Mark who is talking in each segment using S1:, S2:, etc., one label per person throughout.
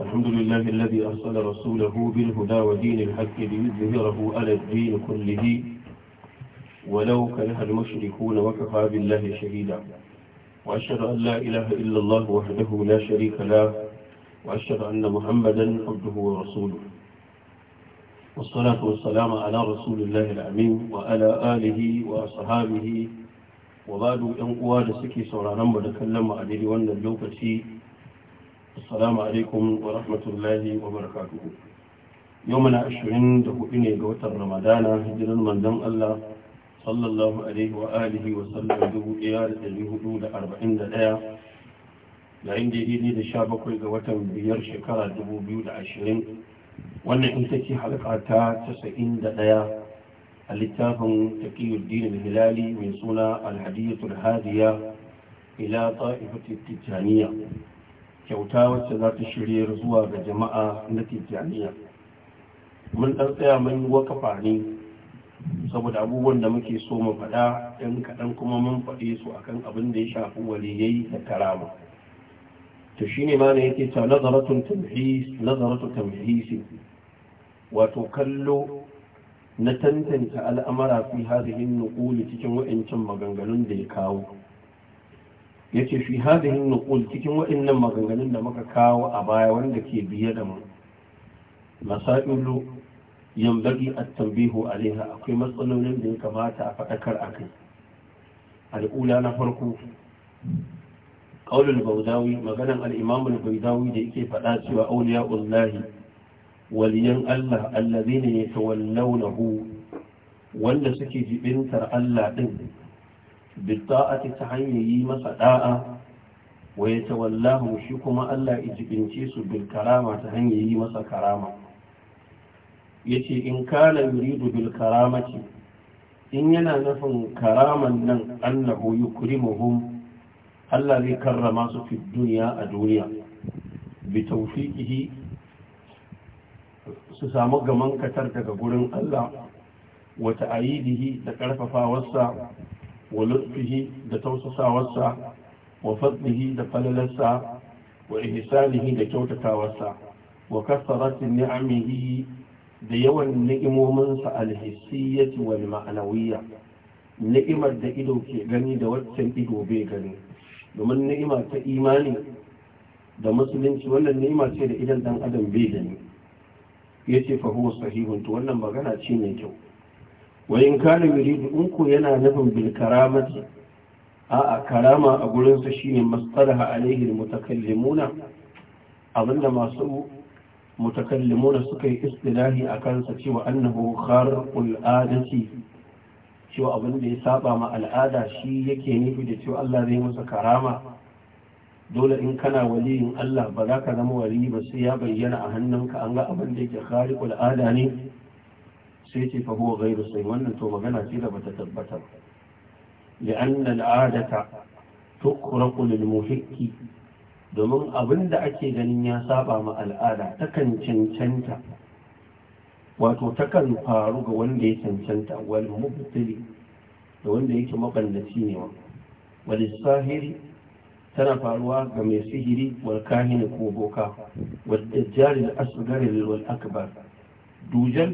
S1: الحمد لله الذي أرسل رسوله بالهدى ودين الحق ليظهره على الدين كله ولو كره المشركون وكفى بالله شهيدا وأشهد أن لا إله إلا الله وحده لا شريك له وأشهد أن محمدا عبده ورسوله والصلاة والسلام على رسول الله الأمين وعلى آله وأصحابه وبعد أن قواد سكي سورانا ودكلم عليه وأن اللوكة assalamu alaikum wa rahmatullahi wa barakatuhu yau muna ashirin da hudu ne ga watan ramadana hijirar manzon Allah sallallahu alaihi wa alihi wa sallam dubu ɗaya da ɗari hudu da arba'in da ɗaya yayin da yi da sha bakwai ga watan biyar shekara dubu biyu da ashirin wannan ita ce halka ta casa'in da ɗaya a littafin taƙiyuddin hilali mai suna alhadiyatul hadiya ila ta'ifatul tijjaniya kyauta wacce za ta shirye zuwa ga jama'a na tijjaniya mun ɗan tsaya mun wakafa ne saboda abubuwan da muke so mu faɗa ɗan kaɗan kuma mun faɗe su akan abin da ya shafi waliyai da karama to shi ne ne yake ta nazaratun tamhis tamhis wato kallo na tantance al'amara fi hadhihi nuqul cikin wa'ancin maganganun da ya kawo yake fi hadihin nuqul cikin waɗannan maganganun da muka kawo a baya wanda ke biye da mu masailu yambagi at-tanbihu alaiha akwai matsalolin da ya kamata a fadakar akai al'ula na farko qaulul bawdawi maganan al-imam al da yake fada cewa ullahi waliyan Allah alladhina yatawallawnahu wanda suke jibintar Allah din bitta'ati ta hanyar yi masa da'a wa ya tawallahu shi kuma Allah ya jibince su bil karama ta hanyar yi masa karama yace in kana yuridu bil karamati in yana nufin karaman nan annahu yukrimuhum Allah zai karrama su fi duniya a duniya bi tawfiqihi su samu gaman katar daga gurin Allah wa ta'ayidihi da karfafawarsa wa lutfihi da tausasawarsa wa fadlihi da falalarsa wa ihsanihi da kyautatawarsa wa kasaratin ni'amihi da yawan ni'imominsa alhissiyyati wal ma'anawiyya ni'imar da ido ke gani da waccan ido bai gani domin ni'ima ta imani da musulunci wannan ni'ima ce da idan ɗan adam bai gani yace fa huwa sahihun to wannan magana ce mai kyau wa in kana yuridu in yana nufin bil karamati a a karama a gurinsa sa shine masdaraha alaihi mutakallimuna abinda masu mutakallimuna suka yi istilahi a kansa cewa annahu kharqul adati cewa da ya saba ma al'ada shi yake nufi da cewa Allah zai masa karama dole in kana waliyin Allah ba za ka zama wali ba sai ya bayyana a hannunka an ga abin da yake khariqul ada ne sai ce fahuwa gairu sai wannan to magana ce da bata tabbata li'anna al'adata tukraqu lil muhikki domin abin da ake ganin ya saba ma al'ada takan cancanta wato takan faru ga wanda ya cancanta wal mubtili da wanda yake mabandaci ne wa wal sahiri tana faruwa ga mai sihiri wal kahini ko boka wal dajjal al asghar wal akbar dujal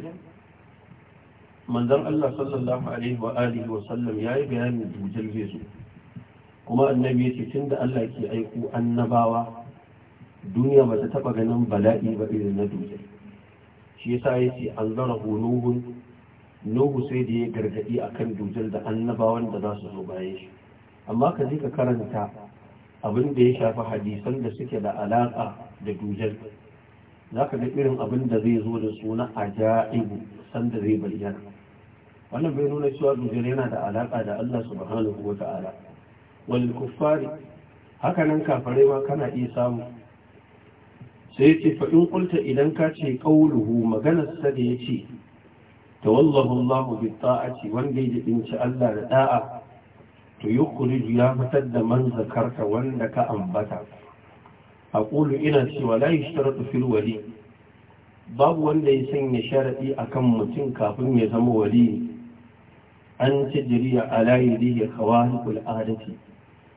S1: manzon Allah sallallahu alaihi wa alihi wa sallam yayi bayanin dujal zai kuma annabi yace da Allah ke aiko annabawa duniya ba ta taba ganin bala'i ba irin na dujal shi yasa yace zara nuhun nuhu sai da ya gargadi akan dujal da annabawan da za su zo bayan shi amma ka je ka karanta abin da ya shafi hadisan da suke da alaƙa da dujal za ka ga irin abin da zai zo da suna ajaibu sanda zai bayyana wannan bai nuna cewa dujjal yana da alaka da Allah subhanahu wa ta'ala wal kuffari haka nan ma kana iya samu sai yace faɗin ƙulta idan ka ce qawluhu maganar sa da yace Wallahu Allah bi ta'ati wanda ya dinci Allah da da'a to yukhriju ya fitar da man zakarta wanda ka ambata A ƙulu ina cewa layi yashtaratu fil wali babu wanda ya sanya sharaɗi akan mutum kafin ya zama wali an tajriya ala yadihi khawariqul adati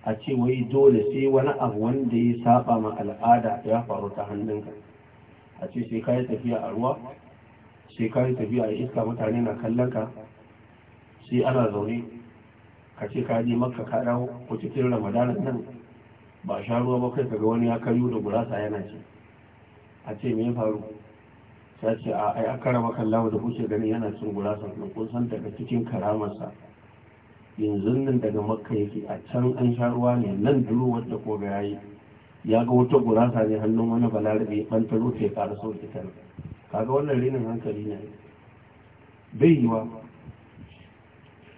S1: a ce wai dole sai wani abu wanda ya saba ma al'ada ya faru ta hannunka a ce sai kayi tafiya a ruwa sai kayi tafiya a iska mutane na kallon ka sai ana zaune ka ce ka je makka ka dawo ko cikin ramadan nan ba sha ruwa ba kai kaga wani ya kayu da gurasa yana ce a ce me ya faru ta ce a ai aka raba kallawa da kuke ganin yana cin gurasa nan kun san daga cikin karamarsa yanzu nan daga makka yake a can an sha ruwa ne nan duro wadda ko ga yayi ya ga wata gurasa ne hannun wani balarabe ya banta rufe ya ƙara sauki ita kaga wannan renin hankali ne bai yiwa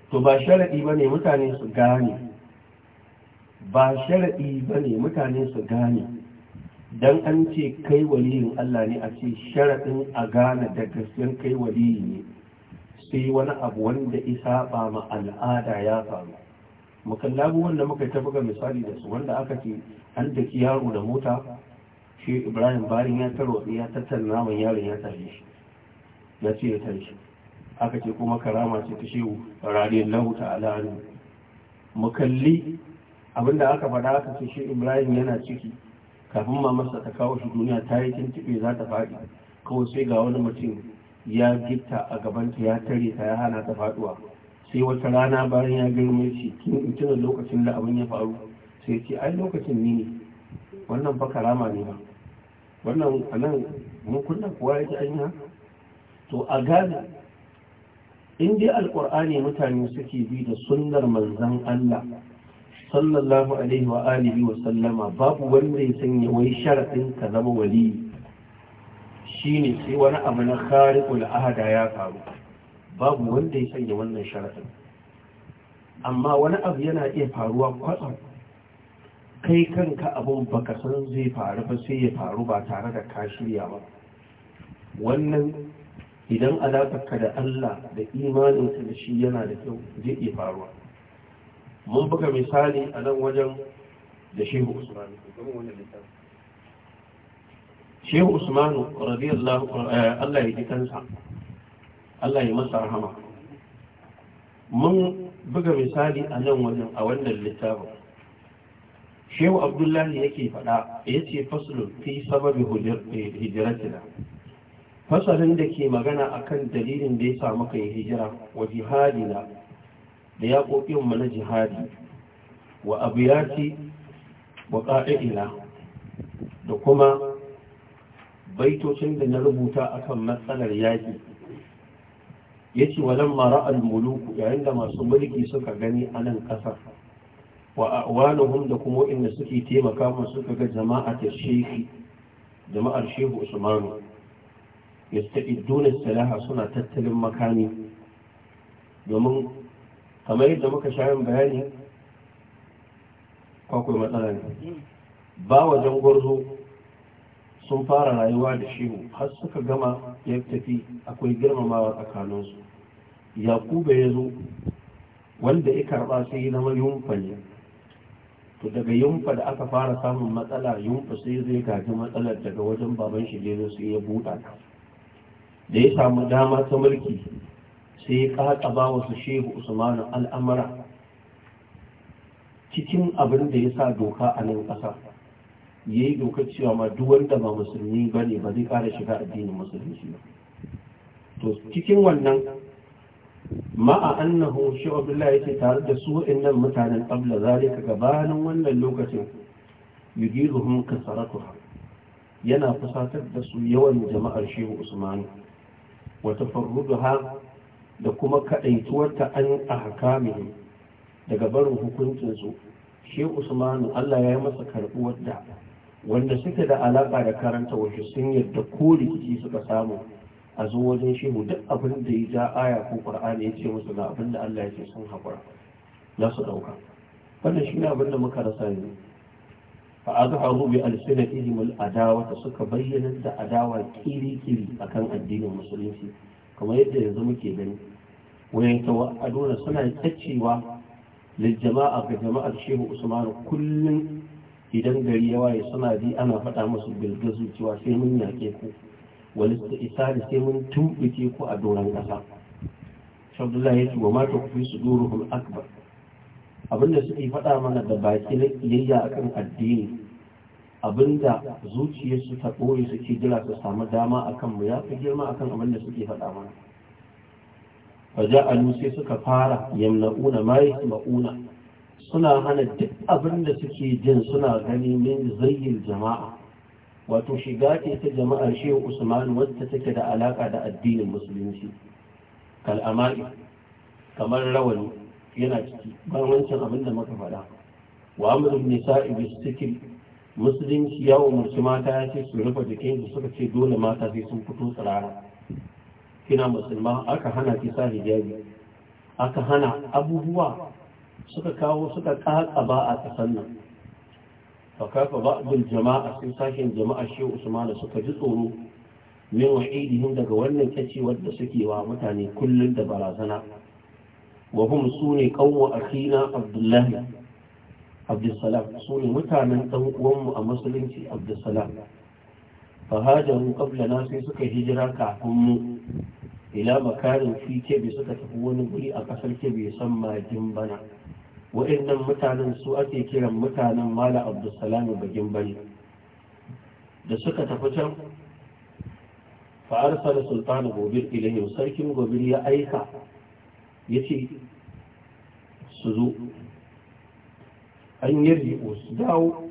S1: to ba sharadi ba ne mutane su gane ba sharaɗi ba ne mutane su gane dan an ce kai waliyin Allah ne a ce sharaɗin a gane da gaskiyar kai waliyi ne sai wani abu wanda isa ba ma al'ada ya faru makallabu wanda muka tafi ga misali da su wanda aka ce an daki yaro da mota shi ibrahim barin ya taro ya tattara naman yaron ya tare shi ya ce ya shi. aka ce kuma karama ce ta shehu radiyar lahu ta'ala mukalli abinda aka faɗa aka ce shi ibrahim yana ciki kafin mamarsa ta kawo shi duniya ta yi tuntuɓe za ta faɗi kawai sai ga wani mutum ya gitta a gabanta ya tare ta ya hana ta faɗuwa sai wata rana bayan ya girme shi kin tuna lokacin da abin ya faru sai ce ai lokacin ni ne wannan fa karama ne ba wannan anan mun kunna kuwa ya ji anya to a gane in dai alƙur'ani mutane suke bi da sunnar manzon Allah sallallahu alaihi wa alihi wa sallama babu wanda ya sanya wai sharaɗin ka zama wali shine sai wani abu na khariqul ahada ya faru babu wanda ya sanya wannan sharaɗin amma wani abu yana iya faruwa kwatsam kai kanka abun baka san zai faru ba sai ya faru ba tare da ka shirya ba wannan idan alaƙarka da Allah da imaninka da shi yana da kyau zai iya faruwa mun buga misali a nan wajen da shehu usmanu shehu usmanu radiyallahu eh, Allah ya ji kansa Allah ya masa rahama mun buga misali a nan wajen a wannan littafin shehu abdullahi yake faɗa ya ce faslun fi sababi eh, hijiratina fasalin da ke magana akan dalilin da ya sa muka yi hijira wa jihadina da yaƙoƙinmu na jihadi wa abu ya ce wa ƙa'ila da kuma baitocin da na rubuta akan matsalar yaƙi ya ce wajen mara al-muluku yayin da masu mulki suka gani a nan ƙasa wa a'wanuhum da kuma inda suke taimaka mu suka ga jama'atar jama'ar shehu usmanu yasta'iduna salaha suna tattalin makami domin kamar yadda muka shayin bayani akwai matsala ne ba wajen gwarzo sun fara rayuwa da shehu har suka gama ya tafi akwai girmamawa tsakaninsu yakuba ya zo wanda ya karba sai yi zama yunfa ne to daga yunfa da aka fara samun matsala yunfa sai zai gaji matsalar daga wajen baban shi ne sai ya buɗa da ya samu dama ta mulki sai ya kata ba wasu shehu usmanu al'amara cikin abin da ya sa doka a nan ƙasa ya yi dokar cewa ma duk ba musulmi ba ne ba zai ƙara shiga addinin musulunci ba to cikin wannan ma'a annahu shi abdullahi yake tare da su nan mutanen qabla zalika gabanin wannan lokacin yudiruhum kasaratuha yana fusatar da su yawan jama'ar shehu usman wata tafarruduha da kuma ta an ahkamihi daga barin hukuncin su shi Usmanu Allah ya yi masa karbuwar da wanda suke da alaƙa da karanta wasu sun yadda ko rikici suka samu a zo wajen shehu duk abin da ya ja aya ko qur'ani ya ce musu ga abin da Allah ya ce sun hakura za su dauka wannan shi ne abin da muka rasa ne fa azharu bi alsinatihim al adawa suka bayyana da adawa kiri kiri akan addinin musulunci kamar yadda yanzu muke gani wayan tawaduna suna tacewa da jama'a ga jama'ar shehu usman kullum idan gari ya waye suna bi ana faɗa musu bilgazu cewa sai mun yake ku wani su isa da sai mun tumɓuke ku a doron ƙasa shabdullahi ya ce wa mata ku fi su duruhun akbar abinda suke faɗa mana da baki na iyayya akan addini abinda zuciyarsu ta ɓoye suke jira su samu dama a kanmu ya fi girma a kan abinda suke faɗa mana waje alu sai suka fara yamna'una mai ma'una suna hana duk abinda suke jin suna gani min zayyar jama'a wato shiga ce ta jama'ar shehu usman wadda take da alaka da addinin musulunci kal'amari kamar rawani yana ciki ba wancan abin da muka faɗa wa amurin nisa'i cikin musulunci ya umarci mata ya ce su rufe su suka ce dole mata sai sun fito tsirara kina musulma aka hana ki sa hijabi aka hana abubuwa suka kawo suka ba a kasan nan fakafa ba'dul jama'a sun sashen jama'a shehu usmana suka ji tsoro min wa'idihim daga wannan kace wanda suke wa mutane kullun da barazana wa hum sune qawwa akhina abdullahi abdulsalam su ne mutanen ɗan uwanmu a musulunci abdulsalam fa hajaru na sai suka hijira kafin mu ila makarin fi kebe suka tafi wani guri a ƙasar kebe san majin bana waɗannan mutanen su ake kiran mutanen mala abdulsalam bagin bane da suka tafi can fa arsala sultanu gobir ilayhim sarkin gobir ya aika yace su zo an yi su dawo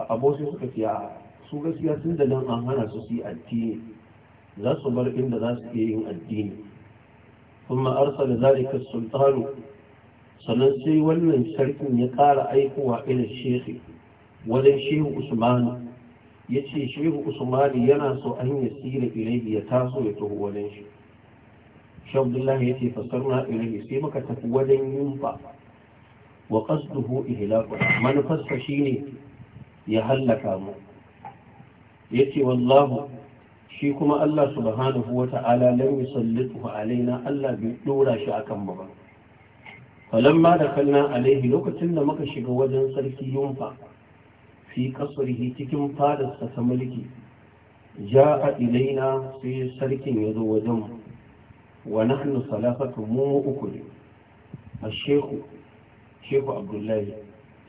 S1: a abosu suka fiya su gaskiya sun da nan an hana su yi addini za su bar inda za su iya yin addini kuma arsala zalika sultanu sannan sai wannan sarkin ya ƙara aikowa irin shehi wajen shehu Usman ya ce shehu usmani yana so an yi sira ilaihi ya taso ya taho wajen shi shabdullahi ya ce fasarna ilaihi sai muka tafi wajen yunfa wa qasduhu ihlakuna manufarsa ne ya hallaka mu yace wallahu shi kuma Allah subhanahu wa ta'ala lam yusallitu alaina Allah bai dora shi akan mu ba
S2: da dakalna
S1: alaihi lokacin da muka shiga wajen sarki yunfa fi kasrihi cikin fadarsa ta mulki a ilaina sai sarkin ya zo wajen mu wa nahnu salafatu mu uku ne الشيخ shehu abdullahi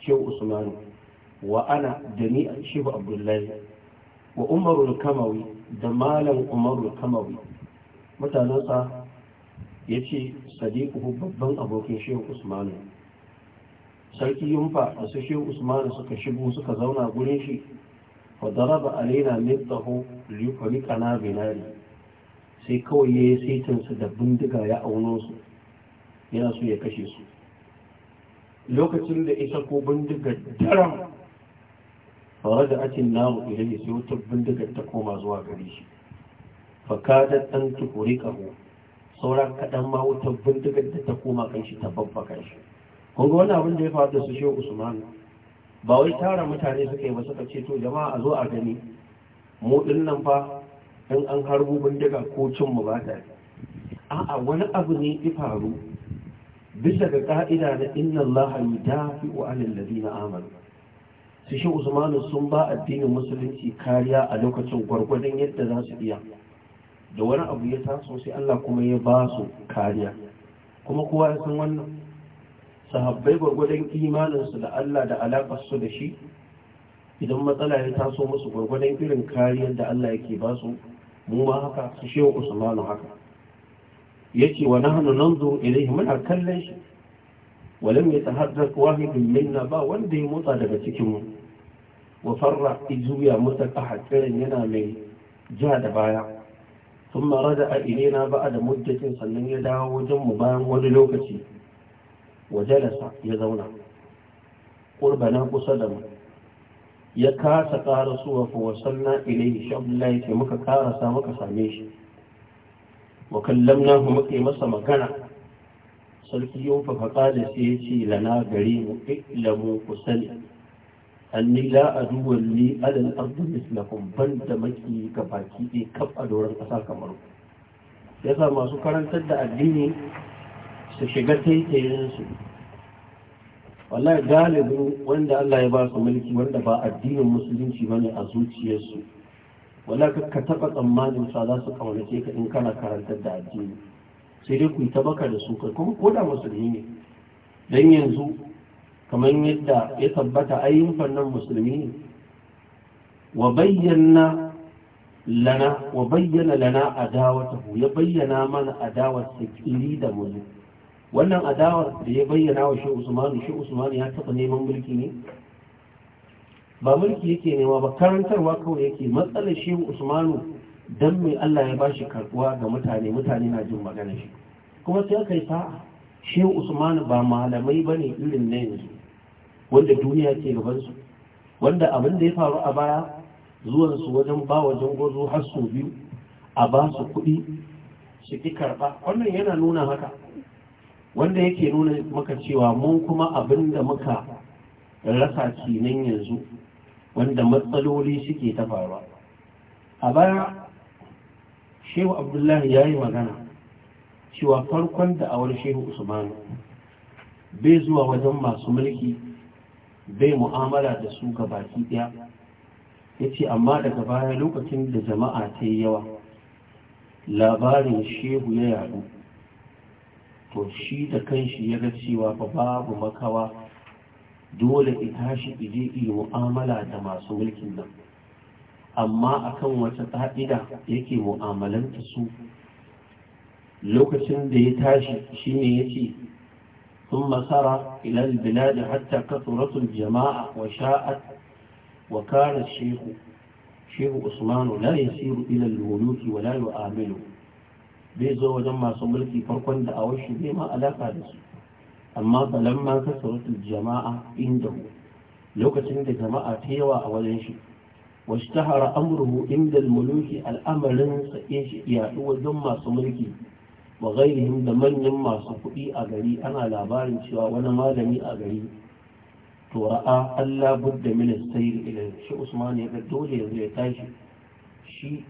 S1: shehu usmanu wa ana a shehu abdullahi wa umaru kamawi da malam umaru kamawi mutanensa ya ce sadiku babban abokin shehu usmanu sarki yunfa a su shehu usmanu suka shigo suka zauna gurin shi fa daraba alaina mitsahu kana binari sai kawai ya yi saitinsu da bindiga ya auno su yana so ya kashe su lokacin da isa ko bindiga daram fara da akin namu ilayya sai wata bindiga ta koma zuwa gare shi fakadar ɗan tukuri ƙaho saura kaɗan ma wata bindiga da ta koma kan shi ta babba kan shi kun ga wani abin da ya faru da su shehu usman ba wai tara mutane suka yi ba suka ce to jama'a a zo a gani mu ɗin nan fa in an harbo bindiga ko cin mu ba ta a'a wani abu ne ya faru bisa ga ka'ida na inna Allah dafi wa anil ladina amanu su shi Usmanu sun ba addinin musulunci kariya a lokacin gwargwadon yadda za su iya da wani abu ya taso sai Allah kuma ya ba su kariya kuma kowa ya san wannan sahabbai gwargwadon imaninsu da Allah da alaƙar su da shi idan matsala ya taso musu gwargwadon irin kariyar da Allah yake ba su mu ma haka su shehu Usmanu haka ce, wa nan nanzuru ilayhi muna kallon shi ta yatahaddath wahidun minna ba wanda ya motsa daga cikin mu wa farra izuya mutaqahhirin yana mai ja da baya thumma rada'a ilayna ba'da muddatin sannan ya dawo wajen mu bayan wani lokaci wa jalasa ya zauna na kusa da mu ya kasa karasuwa fa wasanna ilayhi shabla yake muka karasa muka same shi wa kallamnahu muka yi masa magana sarki yofa faƙada sai ya ce lana gare mu iklamu ku sani anni la aduwan li alal ardu ban da maki ga baki ɗaya kaf a doron ƙasa kamar ku yasa masu karantar da addini su shiga taitayinsu wallahi galibin wanda Allah ya ba su mulki wanda ba addinin musulunci bane a zuciyarsu wala ka taɓa tsammanin sa za su kaunace ka in kana karantar da addini sai dai ku yi ta baka da su kai kuma ko da musulmi ne dan yanzu kamar yadda ya tabbata ayyukan fannin musulmi ne wa bayyana lana wa bayyana lana adawatahu ya bayyana mana adawar sakili da wannan adawar da ya bayyana wa shi Usman shi Usman ya taɓa neman mulki ne ba mulki yake nema ba karantarwa kawai yake matsalar shehu usmanu dan mai Allah ya bashi karbuwa ga mutane mutane na jin magana shi kuma sai kai sa'a shehu usmanu ba malamai bane irin na yanzu wanda duniya ke gaban wanda abin da ya faru a baya zuwan su wajen ba wajen jangozo har su biyu a ba su kuɗi su ki karɓa wannan yana nuna haka wanda yake nuna maka cewa mun kuma abin da muka rasa kinan yanzu wanda matsaloli suke ta faruwa a baya shehu abdullahi ya yi magana cewa farkon da'awar shehu usmanu bai zuwa wajen masu mulki bai mu'amala da su ga baki ɗaya ya ce amma daga baya lokacin da jama'a ta yi yawa labarin shehu ya yaɗu to shi da kanshi ya ga cewa ba babu makawa dole in tashi ije yi mu'amala da masu mulkin nan amma akan wata ƙa'ida yake mu'amalanta su lokacin da ya tashi shine ya ce sun masara ilal biladi hatta kasuratul jama'a wa sha'at wa kare shehu shehu usmanu la yasiru ilal muluki wa la yu'amilu bai zo wajen masu mulki farkon da a wasu bai ma alaka da su amma ka kasarutul jama'a indahu lokacin da jama'a ta yawa a wajen shi washtahara amruhu inda al al'amarin sa shi yaɗu wajen masu mulki wa da manyan masu kuɗi a gari ana labarin cewa wani malami a gari to ra'a Allah budda min sayr ila shi Usman ya ga dole yanzu ya tashi shi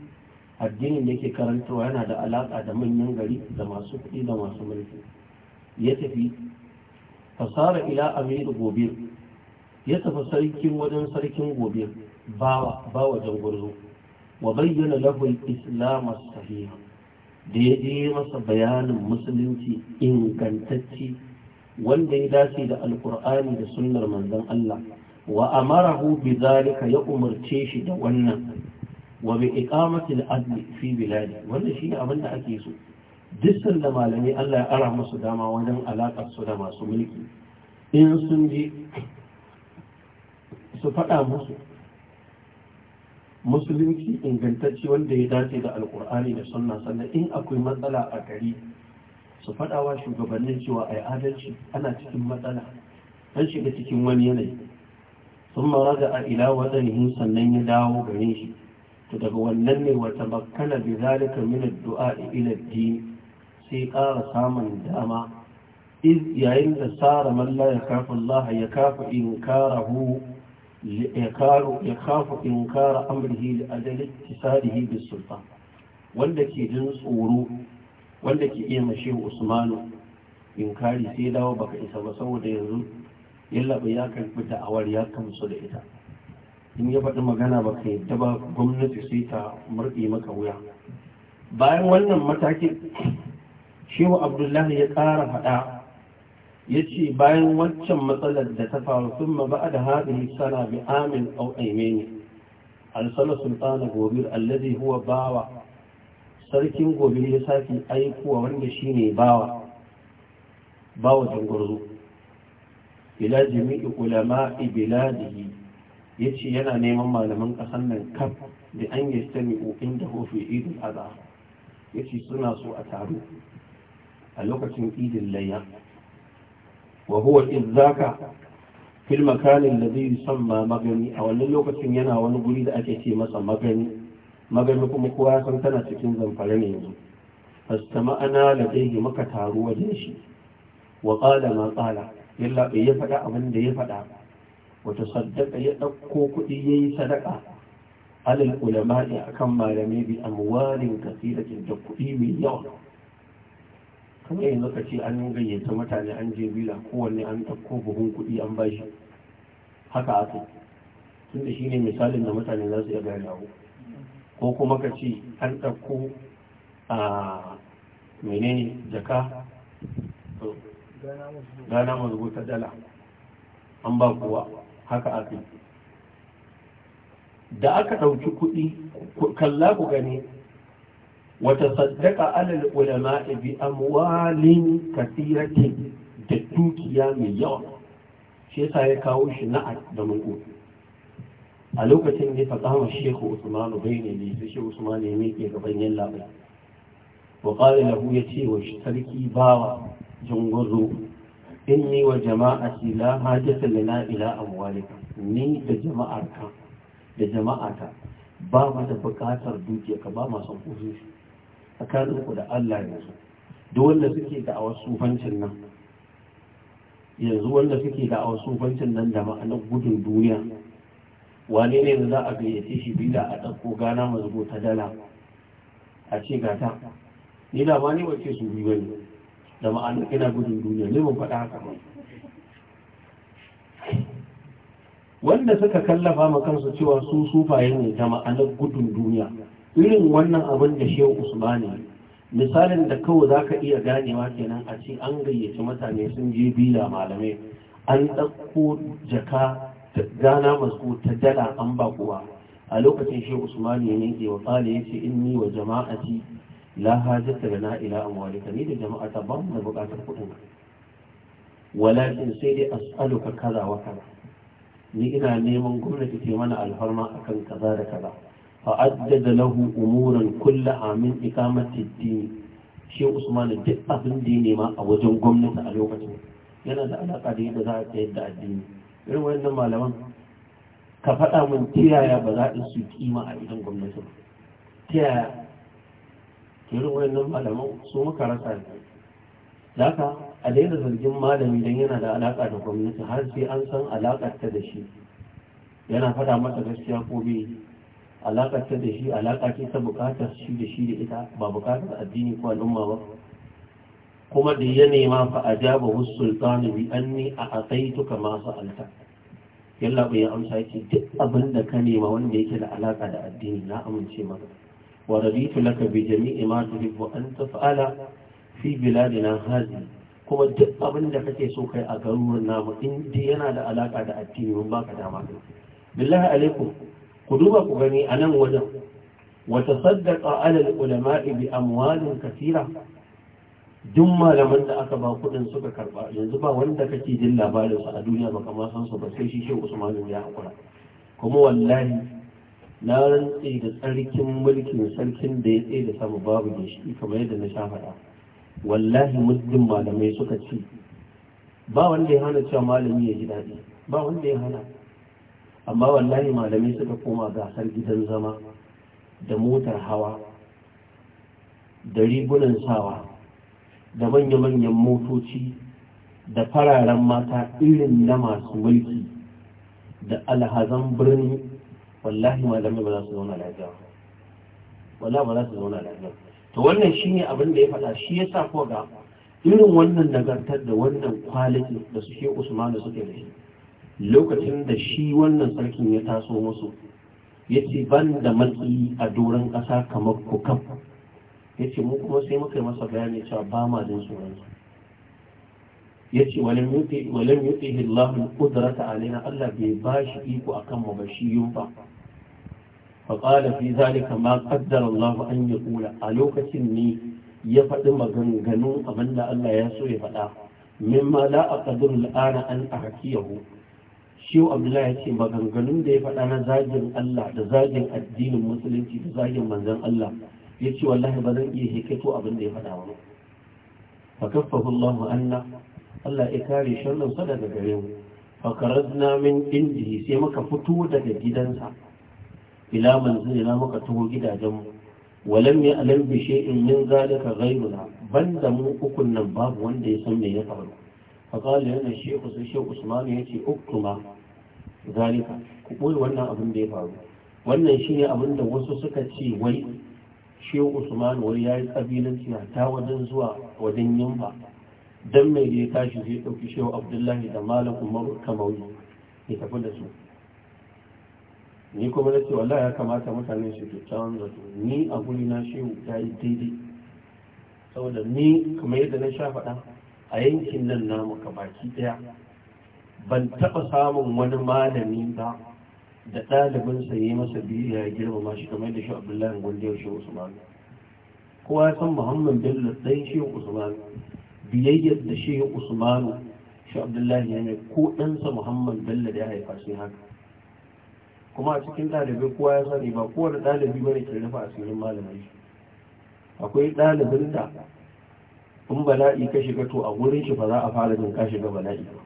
S1: addinin da yake karantarwa yana da alaƙa da manyan gari da masu kuɗi da masu mulki ya tafi fasara ila amir gobir ya tafi sarkin wajen sarkin gobir ba wajen jangurzo wa bayyana lahu islam sahih da ya je masa bayanin musulunci ingantacci wanda ya dace da alkur'ani da sunnar manzon Allah wa amarahu bi zalika ya umarce shi da wannan wa bi iqamati al-adl fi biladi wannan shine abin da ake so dukkan da malami Allah ya ara musu dama wajen alaƙar su da masu mulki in sun je su faɗa musu musulunci ingantacci, wanda ya dace da alkur'ani da sunna sannan in akwai matsala a gari su faɗa shugabannin cewa a adalci ana cikin matsala an shiga cikin wani yanayi sun da a ila wadanihin sannan ya dawo gare shi to daga wannan ne wata bakkana bi zalika min addu'a ila dini sai ƙara samun dama yayin da tsara malla ya kafa Allah ya kafa in kara hu ya kafa in kara amurhi da adalin tisarihi da sulta wanda ke jin tsoro wanda ke iya mashe usmanu in kari sai dawo baka isa ba saboda yanzu yallaba ya karfi da ya kamsu da ita in ya faɗi magana ba ka yadda ba gwamnati sai ta murɗe maka wuya bayan wannan matakin shehu abdullahi ya ƙara faɗa ya ce bayan waccan matsalar da ta faru sun ma ba da haɗin sana bi amin au aimeni alsala sultana gobir allazi huwa bawa sarkin gobir ya sake aikuwa wanda shine bawa bawa jangurzu ila jami'i ulama Ya yace yana neman malaman ƙasar nan kaf da an yastami inda hu fi idul adha ce suna so a taro. a lokacin idin layya wa huwa idzaka fil makanin da zai yusamma magani a wannan lokacin yana wani guri da ake ce masa magani magani kuma kowa san tana cikin zamfara ne yanzu fastama'ana ladaihi maka taru wajen shi wa qala ma ya faɗa abin da ya faɗa wata saddaka ya ɗauko kuɗi ya yi sadaka alal ulama'i akan malamai bi amwalin kasiratin da kuɗi mai yawa kamar yanzu ka ce an gayyata mutane an je bila kowanne an ɗauko buhun kuɗi an bashi haka aka tun da shine misalin da mutane za su iya yawo ko kuma ka ce an ɗauko a menene jaka gana mazubu ta dala an ba kuwa haka aka da aka ɗauki kuɗi kalla ku gani وتصدق على العلماء بأموال كثيرة تتوكيا من يوم شيء سيكاوش نعت دمنقول a lokacin ne faƙama shehu usman bai ne sai shehu usman ya miƙe gaban yin labai wa ƙari lahu ya ce wa sarki bawa jungwazo in ni wa jama'a sila hajjata lana ila ni da jama'arka da jama'ata ba mu da buƙatar dukiya ka ba ma son kuzushi tsakaninku da Allah yanzu da wanda suke da wasu sufancin nan yanzu wanda suke da wasu sufancin nan da ma'anar gudun duniya wane ne za a gayyace shi bila a ɗauko gana mazgo ta dala a ce gata ni da ma ne wace su biyu ne da ma'anar ina gudun duniya ne mun faɗa haka ba wanda suka kallafa ma kansu cewa su sufaye ne da ma'anar gudun duniya irin wannan abin da shehu usmani misalin da kawai za ka iya ganewa kenan a ce an gayyaci mutane sun je bila malamai an ɗauko jaka gana masu ta dala an ba kuwa a lokacin shehu usmani ya ke wa tsali ya ce ni wa jama'ati la hajjata da na'ila amwalika ni da jama'ata ba mu da buƙatar kuɗin walakin sai dai as'aluka kaza wa kaza ni ina neman gwamnati ta mana alfarma akan kaza da kaza فعدد له umuran كلها من اقامه الدين din عثمان Usman ابن abin da ya nema a wajen gwamnati a lokacin yana da alaka da yadda za a tsayar da addini irin wannan malaman ka faɗa min tiyaya ba za a su kima a idan gwamnati ba tiyaya irin wannan malaman su muka rasa ne zaka a daina zargin malami don yana da alaka da gwamnati har sai an san alakar ta da shi yana faɗa masa gaskiya ko bai alaƙa ta da shi alaƙa ce ta buƙatar shi da shi da ita ba buƙatar addini ko al'umma ba kuma da ya nema fa ajaba hus sultanu bi anni a ataitu masu sa'alta yalla ya amsa yake duk abin da ka nema wanda yake da alaƙa da addini na amince maka wa raditu laka bi jami'i ma tuhibbu an taf'ala fi biladina hadhihi kuma duk abin da kake so kai a garuruwan namu in yana da alaka da addini mun baka dama billahi alaikum ku duba ku gani a nan wajen wata saddaka alal ulama'i bi amwalin kasira duk malaman da aka ba kuɗin suka karba yanzu ba wanda kake jin labarin a duniya ba kamar san su ba sai shi shehu usman ya hakura kuma wallahi na rantsi da tsarkin mulkin sarkin da ya tsaye da sama babu da shi kamar yadda na sha faɗa wallahi muddin malamai suka ce ba wanda ya hana cewa malami ya ji daɗi ba wanda ya hana amma wallahi malamai suka koma gasar gidan zama da motar hawa da rigunan sawa da manya-manyan motoci da fararen mata irin na masu mulki da alhazan birni wallahi malamai ba za su zauna lafiya wallahi ba za su zauna lafiya to wannan shine abin da ya faɗa shi ya sa ko ga irin wannan nagartar da wannan kwalin da suke usmanu suke da shi lokacin da shi wannan sarkin ya taso musu ya ce ban da matsi a doron ƙasa kamar kukan ya ce mu kuma sai muka yi masa bayani cewa ba ma jin tsoronsa ya ce walin yuɗe hillahun ƙudurata alaina Allah bai ba shi iko a kan ba shi yun ba faƙala fi zalika ma ƙaddar Allah an ya ƙula a lokacin ne ya faɗi maganganun abin da Allah ya so ya faɗa ma la a ƙadur al'ana an a hakiyahu shehu abdullahi ya ce maganganun da ya faɗa na zagin allah da zagin addinin musulunci da zagin manzon allah ya ce wallahi ba zan iya hekato abin da ya faɗa wani fa kaffahu allah anna allah ya kare sharrin sa daga gare mu fa karazna min indihi sai muka fito daga gidansa ila manzilina muka taho gidajen mu walam ya alam bi shay'in min zalika ghayruna banda mu ukun nan babu wanda ya san me ya faru fa qala yana shaykhu sai shaykh usman yace uktuma zalika ku ɓoye wannan abin da ya faru wannan shi ne abin da wasu suka ce wai shehu usman wai ya yi ƙabilanci na ta wajen zuwa wajen yamma don mai da ya tashi zai ɗauki shehu abdullahi da malam umaru kamauni ya tafi da su ni kuma na ce wallahi ya kamata mutane su kyakkyawan zato ni a guri na shehu ya yi daidai saboda ni kamar yadda na sha faɗa a yankin nan namu ka baki ɗaya ban taɓa samun wani malami ba da ɗalibinsa ya yi masa biyu ya girmama shi kamar da shi abdullahi gwandiyar shi usman kowa ya san muhammad bello ɗan shi usman biyayyar da shi usman shi abdullahi ya mai ko ɗansa muhammad bello da ya haifa shi haka kuma a cikin ɗalibai kowa ya sani ba kowane ɗalibi bane ke rufa asirin malamai akwai ɗalibin da in bala'i ka shiga to a wurin shi ba za a fara jin ka shiga bala'i ba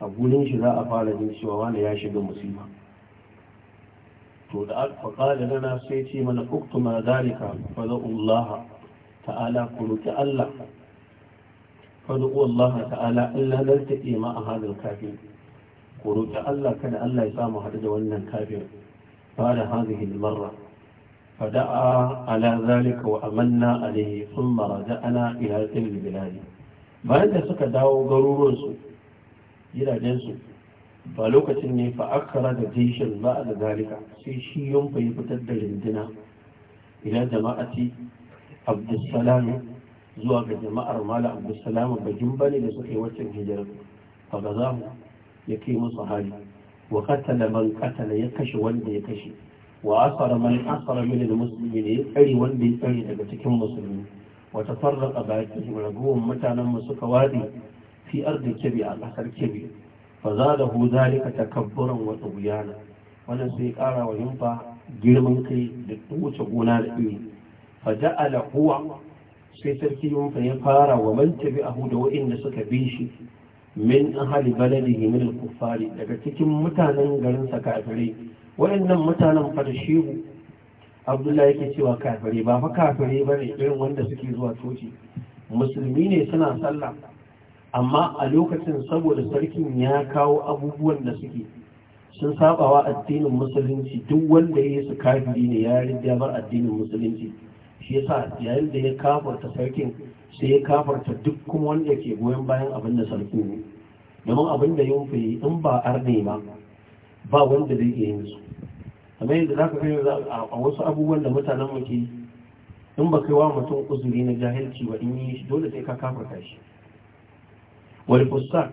S1: a gurin shi za a fara jin cewa wani ya shiga musiba to da aka faƙa lana sai ce mana uktu ma zalika Allah ta'ala ku roki Allah fada'ullaha ta'ala Allah zan taƙe ma a hadar kafin ku roki Allah kada Allah ya samu hadu da wannan kafin fara hadhihi marra fada'a ala zalika wa amanna alayhi thumma raja'ana ila tilbil biladi bayan da suka dawo garuruwansu gidajensu ba lokacin ne fa akara da jeshin ba da zalika sai shi yunfa ya fitar da rindina ila jama'ati abdussalam zuwa ga jama'ar mala abdussalam bajin ne da suka yi waccan hijirar fa ga mu ya kai musu hali wa qatala man qatala ya kashe wanda ya kashe wa asara man asara min almuslimin ya tsare wanda ya tsare daga cikin musulmi wa tafarraqa baqi raguwan mutanen mu suka wadi fi ardi kebi a ƙasar kebi fa za da hu zalika takabburan wa tsubiyana wannan sai ƙara wa yunfa girman kai da wuce gona da iri fa ja'ala huwa sai sarki yunfa ya fara wa man tabi'ahu da wa'inda suka bi shi min ahli baladihi min kuffari daga cikin mutanen garinsa sa kafirai waɗannan mutanen fa da shehu abdullahi yake cewa kafirai ba fa kafirai bane irin wanda suke zuwa coci musulmi ne suna sallah amma a lokacin saboda sarkin ya kawo abubuwan da suke sun sabawa addinin musulunci duk wanda ya su kafiri ne ya rinja bar addinin musulunci shi yasa yayin da ya kafarta sarkin sai ya kafarta duk kuma wanda ke goyon bayan abin da sarkin ne domin abin da yin in ba arne ma ba wanda zai iya yin su amma yadda za ka kai a wasu abubuwan da mutanen mu ke in ba kai wa mutum uzuri na jahilci ba in yi shi dole sai ka kafarta shi wal fusak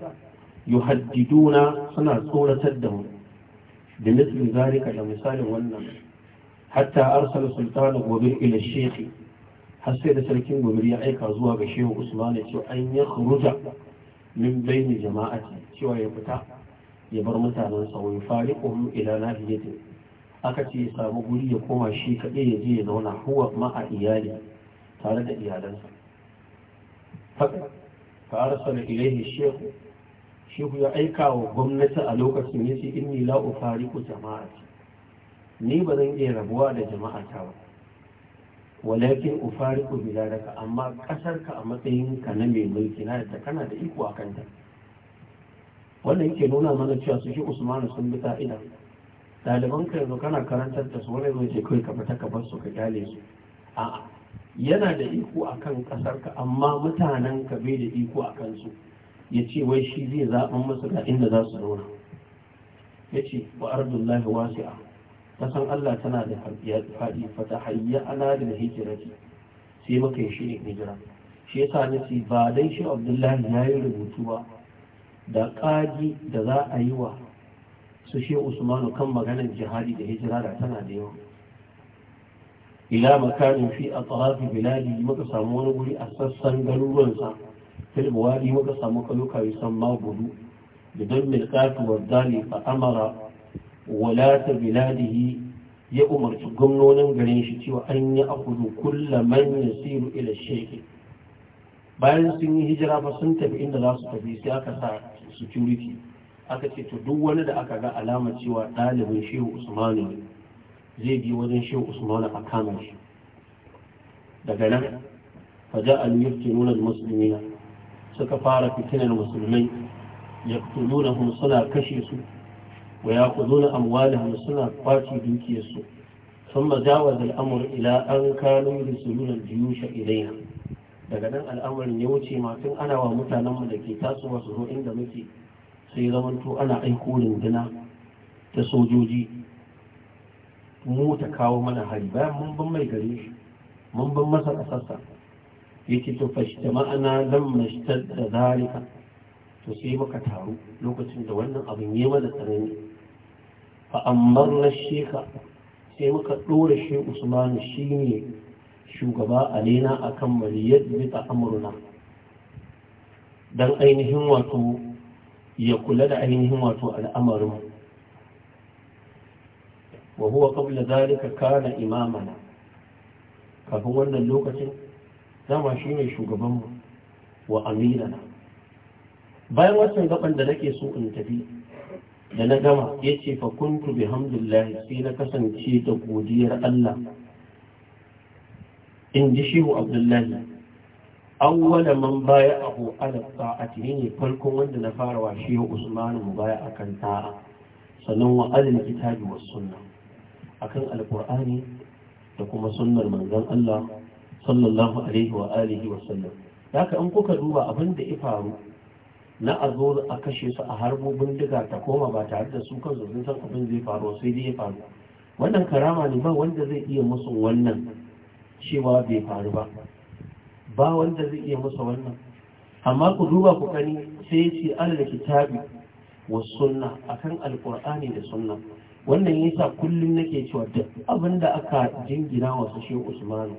S1: yuhaddiduna suna tsoratar da mu da misali zalika da misalin wannan hatta arsala sultana gobe ila shekhi har sai da sarkin gobir ya aika zuwa ga shehu usman ya ce an ya khuruja min bayni jama'ati cewa ya fita ya bar mutanen sa wai fariquhum ila nahiyati aka ce ya samu guri ya koma shi kaɗai ya je ya zauna huwa ma'a iyali tare da iyalansa فأرسل إليه الشيخ الشيخ ya وقمنة ألوك سميسي إني لا أفارق جماعتي ni ba zan iya rabuwa da jama'ata ba walakin ufariku biladaka amma kasarka a matsayin ka na mai mulki na da kana da iko a kanta wannan yake nuna mana cewa su shi usmanu sun bi ka'ida ɗaliban ka yanzu kana karantar da su wani zai ce kai ka fita ka bar su ka kyale su yana da iko a kan ƙasarka amma mutanen ka bai da iko a kansu ya ce wai shi zai zaɓen masu ga inda za su zauna ya ce wa ardullahi wasi'a kasan Allah tana da faɗi fata hayya ala da hijirati sai muka yi shirin hijira shi ya yasa nace ba dai shi Abdullahi ya yi rubutu ba da ƙagi da za a yi wa su shi Usmanu kan maganar jihadi da hijira da tana da yawa ila makarin fi a tsarafi biladi muka samu wani guri a sassan garuruwansa filbuwari muka samu kaluka yi san magudu da don milkatu wa zali fa amara walata biladihi ya umarci gwamnonin garin shi cewa an yi akudu kulla man yasiru ila sheki bayan sun yi hijira fa sun tafi inda za su tafi sai aka sa security aka ce to duk wani da aka ga alamar cewa ɗalibin shehu usmanu ne zai bi wajen shi usman a Kano. shi daga nan faja al-yuftinuna nuna musulmi suka fara fitinar musulmai yaqtulunahum suna kashe su wa yaquluna amwalahum suna kwaci dukiyarsu ثم an kano إلى أن كانوا يرسلون الجيوش إلينا daga nan al'amarin ya wuce ma tun ana wa mutanen da ke tasowa su zo inda muke sai zamanto ana aiko runduna ta sojoji mu ta kawo mana hari bayan mun ban mai gare shi mun ban masa kasarsa yake to fashta ma'ana lam mashtad da zarika. to sai muka taru lokacin da wannan abin yi mana tsanani fa amarna sheka sai muka ɗora shi usman shine shugaba alena akan maliyat bi amurna dan ainihin wato ya kula da ainihin wato al'amarin wa huwa qabla zalika kana imamana kafin wannan lokacin dama shine shugaban mu wa amirana bayan wancan gaɓan da nake so in tafi da na gama ya yace fa kuntu bihamdillah sai na kasance da godiyar Allah in ji shehu abdullahi awwala man baya abu ala ta'ati ne farkon wanda na fara wa Usmanu mu baya akan ta'a sannan wa alil kitabi was sunnah akan alkur'ani da kuma sunnar manzon Allah sallallahu alaihi wa alihi wa sallam haka in kuka duba abin da ya faru na a zo a kashe su a harbo bindiga ta koma ba tare da su kan sun san abin zai faru sai dai ya faru wannan karama ne ba wanda zai iya musu wannan cewa bai faru ba ba wanda zai iya musu wannan amma ku duba ku gani sai ce alal kitabi wa sunna akan alqur'ani da sunna wannan ya sa kullum nake cewa duk abin da aka jingina wasu shi usmanu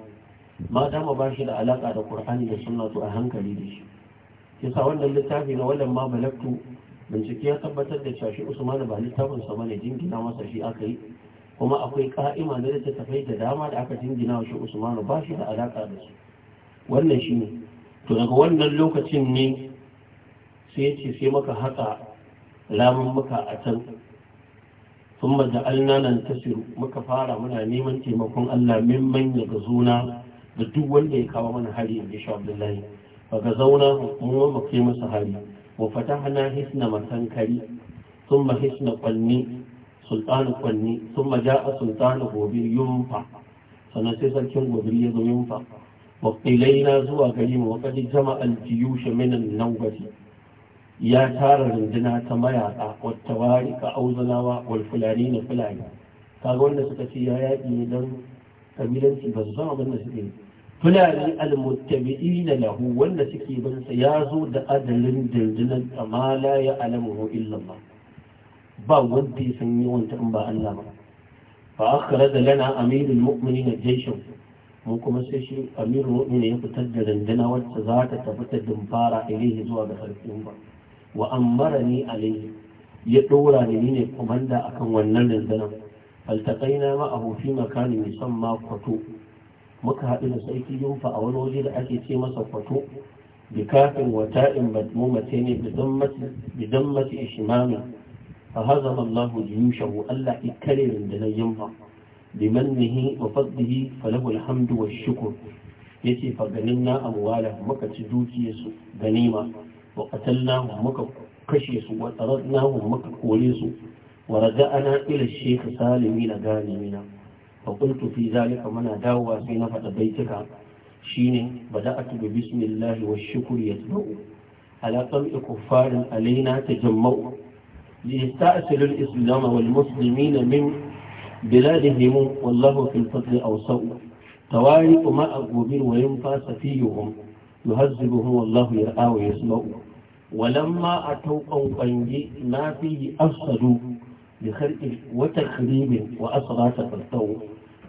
S1: ma dama ba shi da alaka da qur'ani da sunna to a hankali da shi yasa wannan littafi na wannan ma balaktu bincike ya tabbatar da cewa shi usmanu ba littafin sa bane jingina masa shi aka yi kuma akwai ka'ima na tafai da dama da aka jingina wa shi usmanu ba shi da alaka da su wannan shi ne to daga wannan lokacin ne sai ya ce sai maka haka ramin maka a can thumma ja'alna nan tasiru muka fara muna neman taimakon Allah min man ya gazuna da duk wanda ya kawo mana hari in sha Abdullahi fa ga zauna mu ma kai masa hari wa fatahna hisna matankari thumma hisna qanni sultanu qanni thumma ja'a sultanu gobir yumfa sannan sai sarkin gobir ya zo yumfa wa qilaina zuwa gari mu wa kadi jama'al jiyush minan ya tara runduna ta mayaka wata wari ka auzanawa wal fulani na fulani kaga wanda suka ce ya yaƙi ne don kabilanci ba su san abin da suke fulani almuttabi'i na lahu wanda suke bansa, ya zo da adalin dindinan kamala ya alamuhu illallah ba wanda ya san yawan ta in ba Allah ba fa akhraja lana amirul mu'minin jayshan mu kuma sai shi amirul mu'minin ya fitar da rindina wacce za ta tafi ta dumfara ilaihi zuwa ga sarkin ba wa ammarani alayhi ya da ni ne a akan wannan rundunar ma ma'ahu fi mai yusamma kwato muka haɗu da sarki yunfa a wani waje da ake ce masa kwato bikafin wata'in madmumate ne bidan mace ishimami fa hazama Allah jiyushahu Allah ikare rundunar yunfa bimannihi wa fadlihi falahu alhamdu wa shukr yace fa ganin na amwala muka ci dukiyarsu ganima wa qatalnahum muka kashe su wa taradnahum muka kore su wa raja'ana ila shaykh salimin ganimina fa qultu fi zalika mana dawowa sai na faɗa baituka shine bada'atu bi bismillah wa kuffarin alaina tajamma'u ليستأصل الإسلام والمسلمين من بلادهم والله في الفضل أوسع توارث ما أقوبين وينفى سفيهم yuhazzibuhum ya yar'a wa yasma'u walamma atau qawqanji ma fihi afsadu wata kharqi wa takhrib wa asrata fataw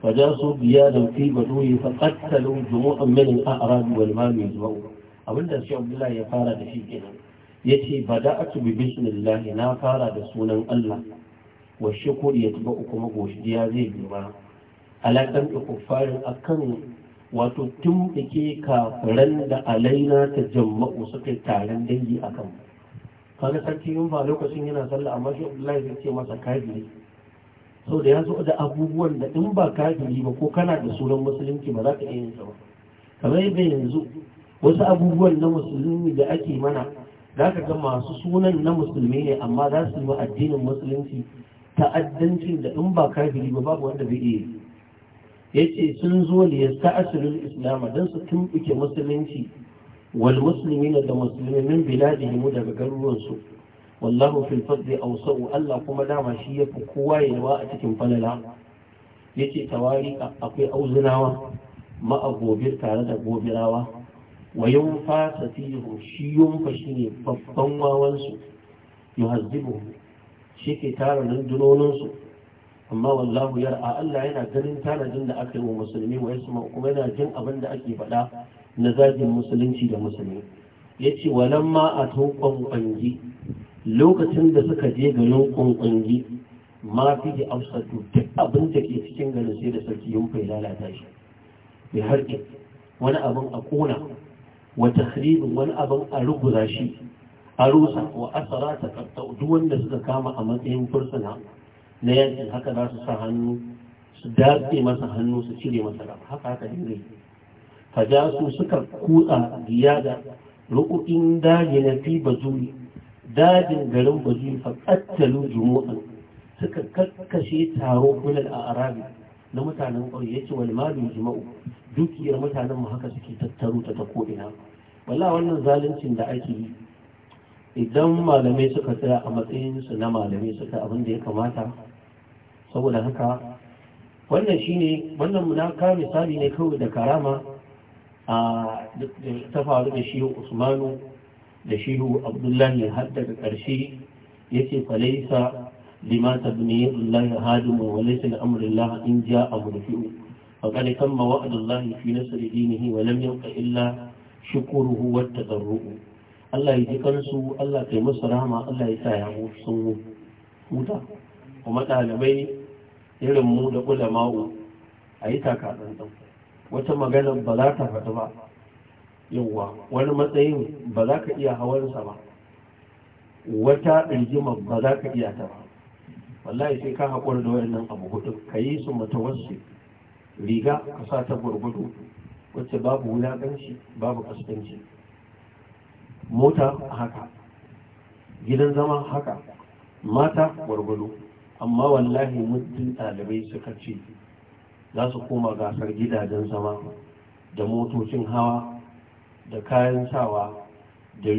S1: fajasu biyadan fi badwi faqattalu jumu'an min a arab wal mal yajma'u abinda shi Abdullahi ya fara da shi kenan yace bada'atu bi bismillah na fara da sunan Allah wa shukuri ya tuba kuma ya zai bi ma alaƙan da kufarin akan wato tun da ke kafiran da alaina ta jamma'u suka yi taron dangi a kan kaga sarki yin ba lokacin yana sallah amma shi abdullahi zai ce masa kafiri sau da ya zo da abubuwan da in ba kajiri ba ko kana da sunan musulunci ba za ka iya yin ba kamar yadda yanzu wasu abubuwan na musulmi da ake mana za ka ga masu sunan na musulmi ne amma za su yi wa addinin musulunci ta'addancin da in ba kafiri ba babu wanda bai iya yace sun zo ne ya asirin islam dan su tumbuke musulunci wal muslimina da muslimin min mu daga garuruwan su wallahu fil fadli awsa'u Allah kuma dama shi yafi kowa ya yawa a cikin falala yace tawari akwai auzunawa ma'agobir tare da gobirawa wa yau fasa shi yunfa shi ne babban wawansu yuhazzibu shi ke tara dunoninsu. amma wallahu a Allah yana ganin tanadin da aka yi wa musulmi wa yasma kuma yana jin abin da ake faɗa na zagin musulunci da musulmi yace walamma a tokon kwangi lokacin da suka je garin kwankwangi ma fi da amsatu duk abin da ke cikin garin sai da sarki yau kai lalata shi bai harke wani abin a kona wa tahribin wani abin a ruguza shi a rusa wa asara ta duk wanda suka kama a matsayin fursuna na yakin haka za su sa hannu su daɗe masa hannu su cire masa raba haka haka dinga faja su suka kutsa biya da rukukin daji na fi bazuri dajin garin bazuri fa kattalu jumu'an suka kakkashe taro bulal a arabi na mutanen ƙauye yace wani malu jima'u dukiyar mutanen mu haka suke tattaro ta ta ko ina wannan zaluncin da ake yi idan malamai suka tsaya a matsayin su na malamai suka abin da ya kamata saboda haka wannan ne wannan na misali ne kawai da karama a ta faru da shi usmanu da shi abdullahi har daga ƙarshe ya ce falaisa limata tabniyi allahi hadimu wa laysa li amri allah in ja'a murfi'u faqad tamma mawa adullahi fi nasr dinihi wa lam yanka illa shukruhu wa tadarru'u Allah ya ji kansu Allah kai masu rama Allah ya sa ya sun huta kuma ɗalibai irin mu da ulama'u a yi tsantsan. wata magana ba za ta faɗi ba yawwa wani matsayin ba za ka iya hawansa ba wata rigima ba za ka iya ta ba wallahi sai ka haƙura da wayannan abu hudu ka yi su wasu riga ka sa ta gurgudu wacce babu wulaƙanci babu kaskanci mota haka gidan zama haka mata gwargwado amma wallahi muddin ɗalibai suka ce za su koma gasar gidajen zama da motocin hawa da kayan sawa da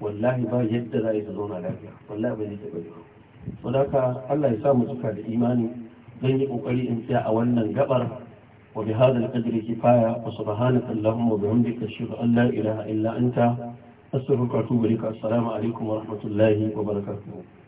S1: wallahi ba yadda za su zauna lafiya wallahi ba zai taɓa yi wadaka Allah ya sa mu cika da imani zan yi kokari in tsaya a wannan gabar wa bi hadha al-qadri kifaya wa subhanaka allahumma wa bihamdika ashhadu an la ilaha illa anta astaghfiruka wa atubu ilaik assalamu alaikum wa rahmatullahi wa barakatuh